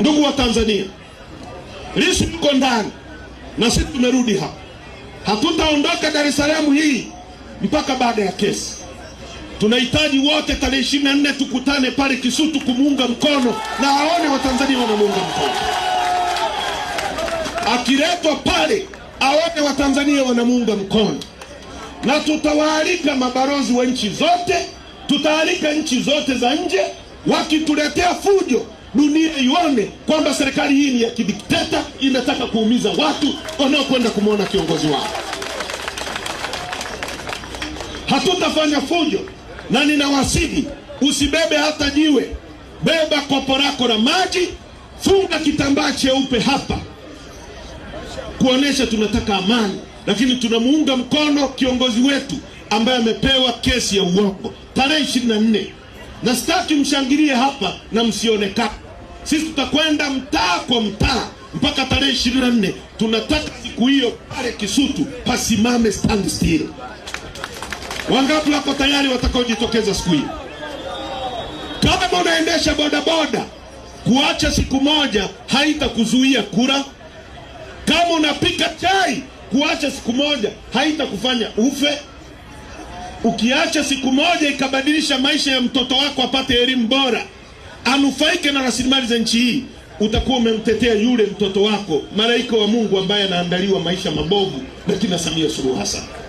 Ndugu wa Tanzania, Lissu mko ndani na sisi tumerudi hapa. Hatutaondoka Dar es Salaam hii mpaka baada ya kesi. Tunahitaji wote tarehe ishirini na nne tukutane pale Kisutu kumuunga mkono na aone Watanzania wanamuunga mkono. Akiletwa pale aone Watanzania wanamuunga mkono, na tutawaalika mabalozi wa nchi zote, tutaalika nchi zote za nje, wakituletea fujo dunia ione kwamba serikali hii ni ya kidikteta, inataka kuumiza watu wanaokwenda kumwona kiongozi wao. Hatutafanya fujo, na ninawasidi usibebe hata jiwe. Beba kopo lako la maji, funga kitambaa cheupe hapa kuonesha tunataka amani, lakini tunamuunga mkono kiongozi wetu ambaye amepewa kesi ya uongo tarehe ishirini na nne na sitaki mshangilie hapa na msionekana. Sisi tutakwenda mtaa kwa mtaa mpaka tarehe ishirini na nne. Tunataka siku hiyo pale Kisutu pasimame stand still. Wangapi wako tayari watakaojitokeza siku hiyo? Kama unaendesha bodaboda, kuacha siku moja haitakuzuia kura. Kama unapika chai, kuacha siku moja haitakufanya ufe. Ukiacha siku moja ikabadilisha maisha ya mtoto wako apate elimu bora, anufaike na rasilimali za nchi hii, utakuwa umemtetea yule mtoto wako, malaika wa Mungu ambaye anaandaliwa maisha mabovu na kina Samia Suluhu Hassan.